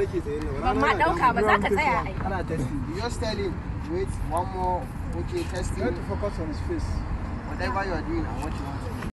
nake tsaye na come, ma dauka ba za ka tsaya ai ana testing you just tell him wait one more okay testing you have to focus on his face whatever you are doing and what you want